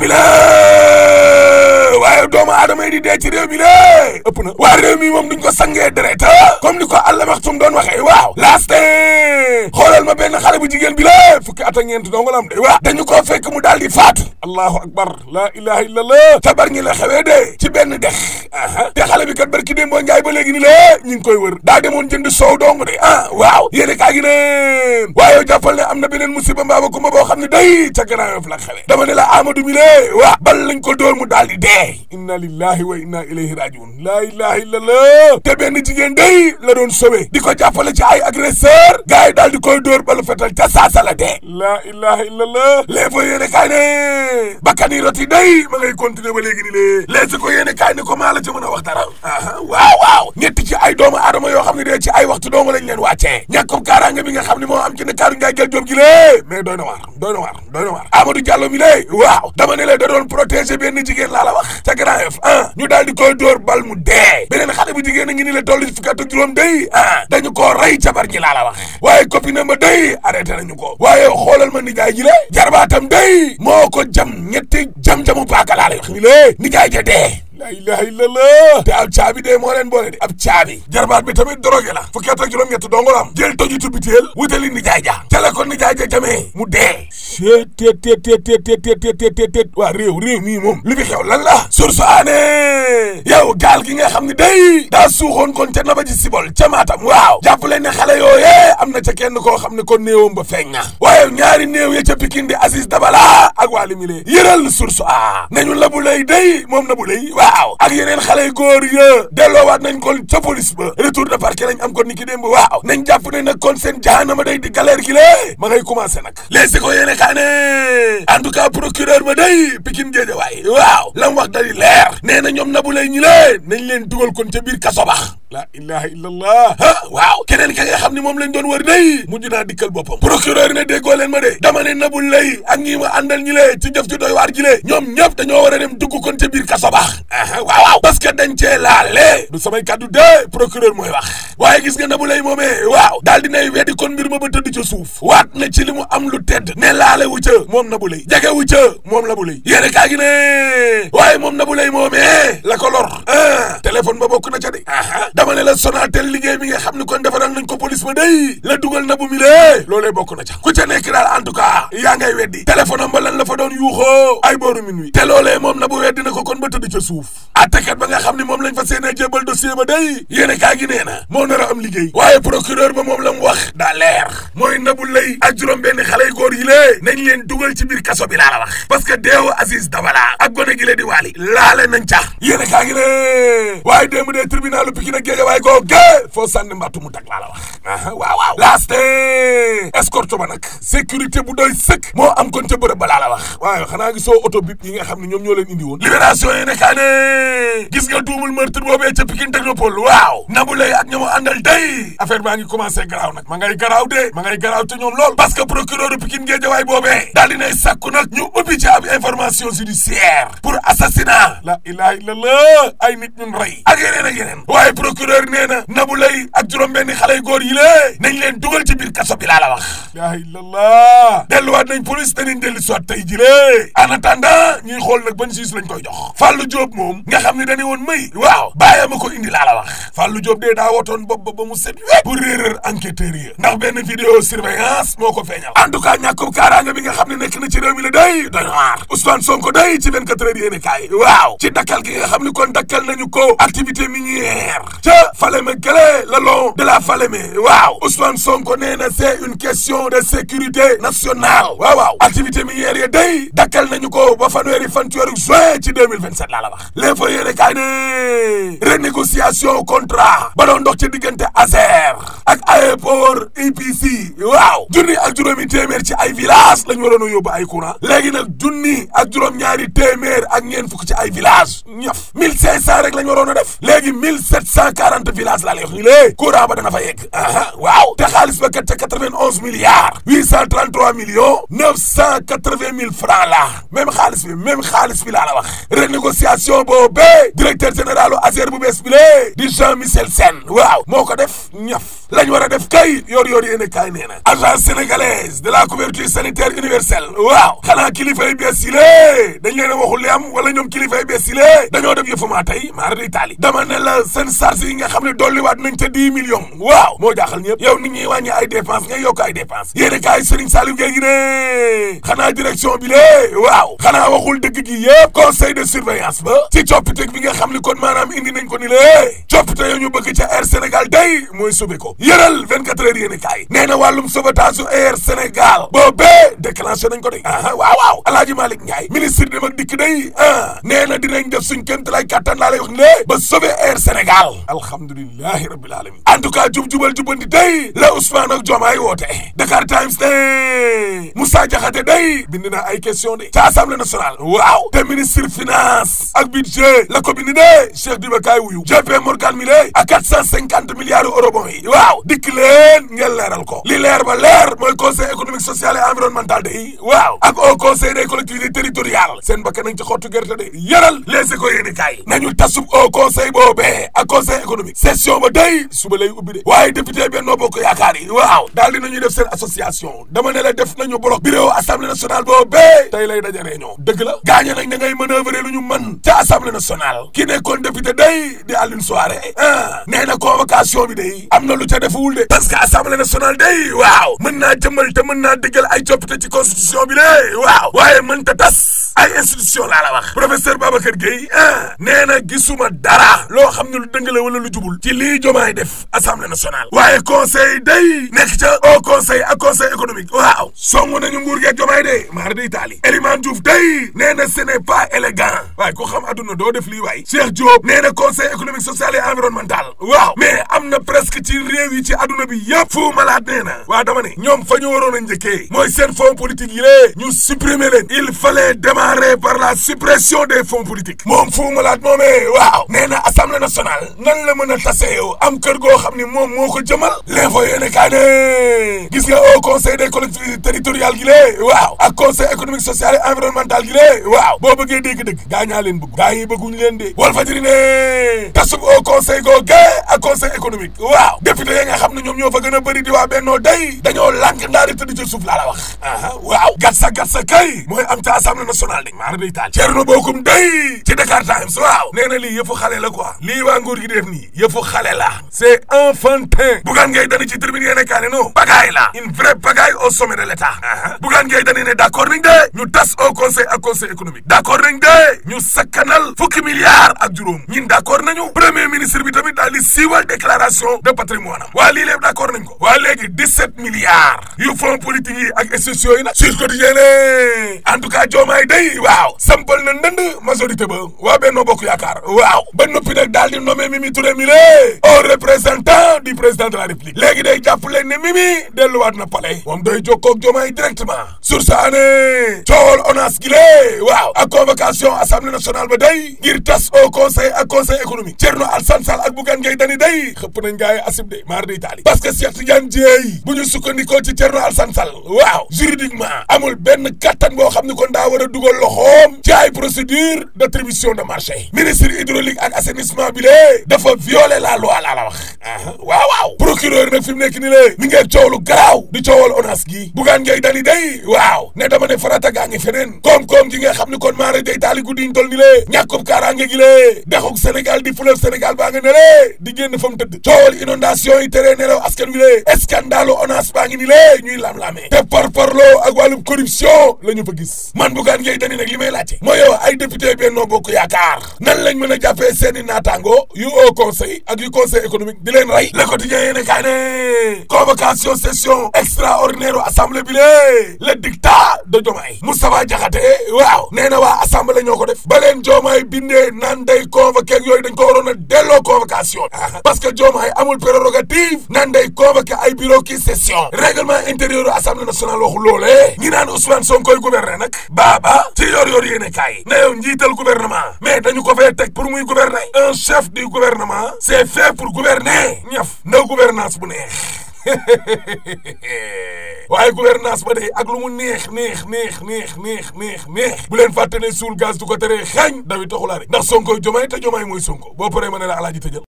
bi la doomu aadama yi di dee ci réew mi lée ëpp na waa réew mi moom duñ ko sangee deret ah. comme ni ko àlla maxtum doon waxee waaw laaste xoolal ma benn xale bu jigéen bi lée fukki at ak ñeent dong la am de waaw dañu koo fekk mu daal di faatu allahu akbar laa ilaha illa allah tabar ñi la xewee dee ci benn dex aha te bi kat barki déem boo njaay ba léegi ni ñu ngi koy wër daa demoon jënd soow dong de ah waaw yéene kaa gi ne waaye jàppal ne am na beneen musiba mbaaba kumba boo xam ne day ca gannaaw la xewee dama ne la amadou mi lée waaw bal lañ ko dool mu daal di dee inna lillahi wa inna ilayhi rajiun laa ilaha illallah te benn jigéen day la doon sowe di ko jàppale ci ay agresseur gars yi daal di koy dóor balu fetal ca saasa la illa laa ilaha illallah les fa yéene kaay yi roti day ma ngay continuer ba léegi ni lée léegi ko yéene kaay ko maa la ca mën a wax dara waaw waaw ñetti ci ay doomu bi dee ci ay waxtu doonga lañ leen wàccee ñàkkum kaaraange bi nga xam ne moo am ci Ndakaaru njaay jël jom gi lée mais doy na waar doy na waar doy na waar Amadou Diallo mi lée waaw dama ne la da doon protéger benn jigéen laa la wax ca Grand Yoff ah ñu daal di koy dóor bal mu dee beneen xale bu jigéen a ngi ni la toll ci fukk ak juróom day ah dañu koo rey jabar ji laa la wax waaye copine ma day arrêté nañu ko waaye xoolal ma nijaay ji le jarbaatam day moo ko jam ñetti jam-jamu paaka laa la wax ni lée nijaay ja dee la ilaha illallah te ab caabi dee moo leen boole de ab caabi jarbaat bi tamit drogué la fukki at ak juróom-ñett dongo la am jël toji tubitéel wutali ni jaay ja ca ko ni jaay ja jamee mu dee tttttttttt waa réew réew mii moom li fi xew lan la source aané yow gaal gi nga xam ne day daa suuxoon kon ca naba ji ca maatam waaw jàpp leen ne xale yooyee am na ca kenn koo xam ne ko néewam ba feeñ na waaye ñaari néew ya ca Pikine di Aziz Dabala ak waa li mi lee yëral source a nañu la bu day moom na bu lay waaw waaw ak yeneen xale yu góor ya delloowaat nañ kon ca police ba retour de parquet lañ am kon ni ki démb waaw nañ jàpp ne nag kon seen jahanama day di galère gi lée ma ngay commencé nag les ko yéene kaa ne en tout cas procureur ba day Pikine Guédiawaye waaw lam wax dali nee na ñoom nabu lay ñi lée nañ leen dugal kon ca biir kaso bax la ilaha illallah waaw keneen ka nga xam ne moom lañ doon wër day mujj naa dikkal boppam procureur ne déggoo ma de dama ne nabu lay ak ma àndal ñi lée ci jëf ju doy waar ñoom ñëpp dañoo war a dem dugg kon ca biir kaso bax waaw waaw parce que dañ cee laale du samay kaddu de procureur mooy wax waaye gis nga na bu lay moomee waaw daal dinay weddi kon mbir ma ca suuf waat na ci mu am lu tedd ne laale wu moom na bu lay jege moom la bu lay yéene kaa gi ne waaye moom na bu lay la ko lor ah téléphone ba bokk na de aha dama ne la Sonatel liggéey mi nga xam ni kon defaral nañ ko police ba day la dugal na bu mi lee loolee bokk na ca ku ca nekk daal en yaa ngay weddi téléphone am ba doon yuuxoo ay booru minuit te loolee moom na bu na ko kon ba tëdd ca suuf attakat ba nga xam ni moom lañ fa seenee jébal dossier a am la mu wax daa mooy nabu lay ak juróom benn xale yu góor yi lée nañ leen dugal ci biir kaso bi a la wax parce que deewu Aziz Dabala ak gone gi lee di waali laale nañ ca yéen a kaa ngi ne waaye démb dee tribunalu Pikine ak Guédiawaye koo gé foo sànni mbattu mu tag laa la wax aa waaw waaw laaste escorte ba nag sécurité bu doy sëkk mo am kon ca bërëb ba laa la wax waaw xanaa ngi soo oto bi yi nga xam ne ñoom ñoo leen indi woon libération yi ne kaa ne gis nga duumul meurtre boobee ca Pikine Technopole waaw mu àndal day affaire baa ngi commencé garaaw nag ma ngay garaaw de ma ngay garaaw te ñoom lool parce que procureur Pikine Guédiawaye boobee daal dinay sàkku nag ñu ubbi ci ab information judiciaire pour assassinat la ilaha illallah ay nit ñun rey ak yeneen yeneen waaye procureur nee na Nabou Leye ak juróom-benn xale góor yi lée leen dugal ci biir kaso bi laa la wax laa illallah delluwaat nañ police danañ dellu soit tey jile en attendant ñuy xool nag ban siis lañ koy jox Fallou Diop moom nga xam ne dañu woon may waaw bàyyama ko indi laa la wax Fallou Diop dee daa wotoon bopp ba ba mu set wépp pour réeral enquêteurs ndax benn vidéo surveillance moo ko feeñal en tout cas ñàkkub kaaraanga bi nga xam ne nekk na ci réew mi la day doy waar Sonko day ci 24 heures yéene kaay waaw ci dakkal gi nga xam ne kon dakkal nañu ko activité minière la long de la commission de sécurité nationale waaw waaw activité minière yi day dakkal nañu ko ba fanweeri fan ci weeru juin vingt 2027 laa la wax l'info yéene kaay ne renégociation contrat ba doon dox ci diggante ASER ak aéroport APC waaw junni ak juróomi téeméer ci ay village lañ waroon a yóbbu ay courant léegi nag junni ak juróom-ñaari téeméer ak ñeen fukk ci ay village ñaf mille cinq cent rek lañ waroon a def léegi mille sept cent quarante village laa lay wax ni lée courant ba dana fa yegg aha waaw te xaalis ba kat ca quatre-vingt-onze milliards huit cent trente-trois neuf cent quatre-vingt mille francs la même xaalis bi même xaalis bi laa la wax renégociation boobee directeur général u ko def ñaf lañ war a def kay yoor yoor yéen kaay nee na agence sénégalaise de la couverture sanitaire universelle waaw xanaa kilifay bees yi lée dañ leen a waxul am wala ñoom kilifay bees yi lée dañoo def yëfumaa tey maara di taali dama ne la seen charge yi nga xam ne dolliwaat nañ ca dix millions waaw moo jaaxal ñëpp yow nit ñuy wàññi ay dépense ngay yokk ay dépense yéen kaay Serigne Saliou Gueye gi ne xanaa direction bi lée waaw xanaa waxul gi yëpp conseil de surveillance ba ci coppite bi nga xam ne kon maanaam indi nañ ko ni lée coppite ñu bëgg ca Air Sénégal day mooy subi ko yëral 24 heures yéen a kaay nee na Air Sénégal boobee déclenché nañ ko de ah waaw waaw Alaaji Malick Ndiaye ministre dem ak dikk day ah a na dinañ def suñ kéemtalaay kattan laa lay wax ne ba sauver Air Sénégal alhamdulilahi rabbil alamin en tout cas jub-jubal jubbanti day la Ousmane ak Diomaye woote Dakar Times ne Moussa Diakhaté day bind na ay question de ca Assemblée nationale waaw te ministre finance ak budget la ko bind de Cheikh Dibakaay wuyu JP Morgan mi lay ak 450 waaw dikk leen ngeen leeral ko li leer ba leer mooy conseil économique social et environnemental day waaw ak au conseil des collectivités territoriales seen bakk nañ ci xottu gerte de yaral les éco yéeni kaay nañu tasub au conseil boobee ak conseil économique session ba day suba ubbi de waaye député Benno Bokk Yaakaar waaw daal dinañuy def seen association dama ne la def nañu bloc bureau assemblée nationale boobee tey lay daje réunion gaañe nañ da ngay manœuvrer lu ñu mën ca assemblée nationale ki nekkoon defuwul de parce que assemblée nationale day waaw mën naa jëmmal te mën naa dëggal ay coppite ci constitution bi de waaw waaye mën ta tas ay institution laa la wax professeur Babacar Gueye ah nee gisuma dara loo xam ne lu dëng la wala lu jubul ci lii jomaay def assemblée nationale waaye conseil day nekk ca au conseil ak conseil économique waaw song nañu nguur geeg jomaay de maar de Italie Elimane Diouf day nee na ce pas élégant waaye ko xam adduna doo def lii waay Cheikh Diop nee na conseil économique social et environnemental waaw mais am na ci réew ci adduna bi yëpp fu malaat nee na waaw a njëkkee mooy déclaré par la suppression des fonds politiques moom Fou Malade waaw nee na assemblée nan la mën a tase am kër goo xam ni moom moo ko jëmal l'info yéene kaa ne gis nga au conseil des collectivités territoriales gi lée waaw a conseil économique social et environnemental gi lée waaw boo bëggee dégg-dëgg gaa ñaa leen bëgg gaa yi bëgguñu de Walf Fadjri ne tasub au conseil googu ak conseil économique waaw député ya xam ne ñoom ñoo fa gën a bëri di waa bennoo day bari tëdd ca suuf laa la wax aa waaw gatsa gatsa kay mooy am ca assemblée nationale de maara day taal Thierno Bocoum day ci Dakar Times waaw nee na lii yëfu xale la quoi lii waa nguur gi def nii yëfu xale la c'est enfantin bugaan ngay dani ci tribune yéene kaa ne bagaay la une vraie bagaille au sommet de l'état aa bugaan ngay dani ne d'accord nañ de ñu tas au conseil ak conseil économique d'accord nañ de ñu sakkanal fukki milliards ak juróom ñin d'accord nañu fonds politique yi ak institutions yi nag Sud Quotidien ne en tout cas Diomaye day waaw sampal na ndënd majorité ba waaw ba noppi nag daal di nommé Mimi Touré mi lée au représentant du président de la République léegi day jàpp leen ne Mimi delluwaat na palais moom day jokkoo ak Diomaye directement sur ça ne gi lée waaw ak convocation assemblée nationale ba day ngir tas au conseil ak conseil économique Thierno Alassane Sall ak Bougane Gueye Dany day xëpp nañ gaa asib de maar di taali Alassane Sall waaw juridiquement amul benn kattan boo xam ne kon daa war a dugal loxoom ci ay da d' attribution de marché ministre hydraulique ak assainissement bi lee dafa violer la loi la la wax ah waaw waaw procureur nag fi nekk ni lee mi ngeen di coowal ONAS gi bugaan ngay dali day ne dama farata gaa ngi feneen koom gi nga xam ne kon maara day taali guddi ñu tol ni lee ñàkkub gi lee dexuk Sénégal di fleuve Sénégal baa nga ne lee di génn fa lam-laamee te par parloo ak wàllum corruption la ñu fa gis man bugaan ngay dani nag li may laajte mooy yow ay député Benno Bokk Yaakaar nan lañ mën a jàppee seeni naataango yu au conseil ak yu conseil économique di leen rey le quotidien yéene ne convocation session extraordinaire u assemblée le dictat de Diomaye Moustapha Diakhaté waaw nee na waa assemblée ñoo ko def ba leen Diomaye bindee naan day convoqué ak dañ ko waroon a convocation parce que Diomaye amul prérogative naan day convoqué supérieur u assemblée nationale waxu loolee ñi naan Ousmane Sonkoy gouverner nag baaba ci yor yor yéene kaay na yow njiital gouvernement mais dañu ko fee teg pour muy gouverner un chef du gouvernement c'est fait pour gouverner ñaf ndaw gouvernance bu neex waaye gouvernance ba de ak lu mu neex neex neex neex neex neex neex bu leen fàtte ne suul gaz du ko teree xañ dawi ndax Sonko jomaay te jomaay mooy Sonko boo paree ma ne la alaaji tëjal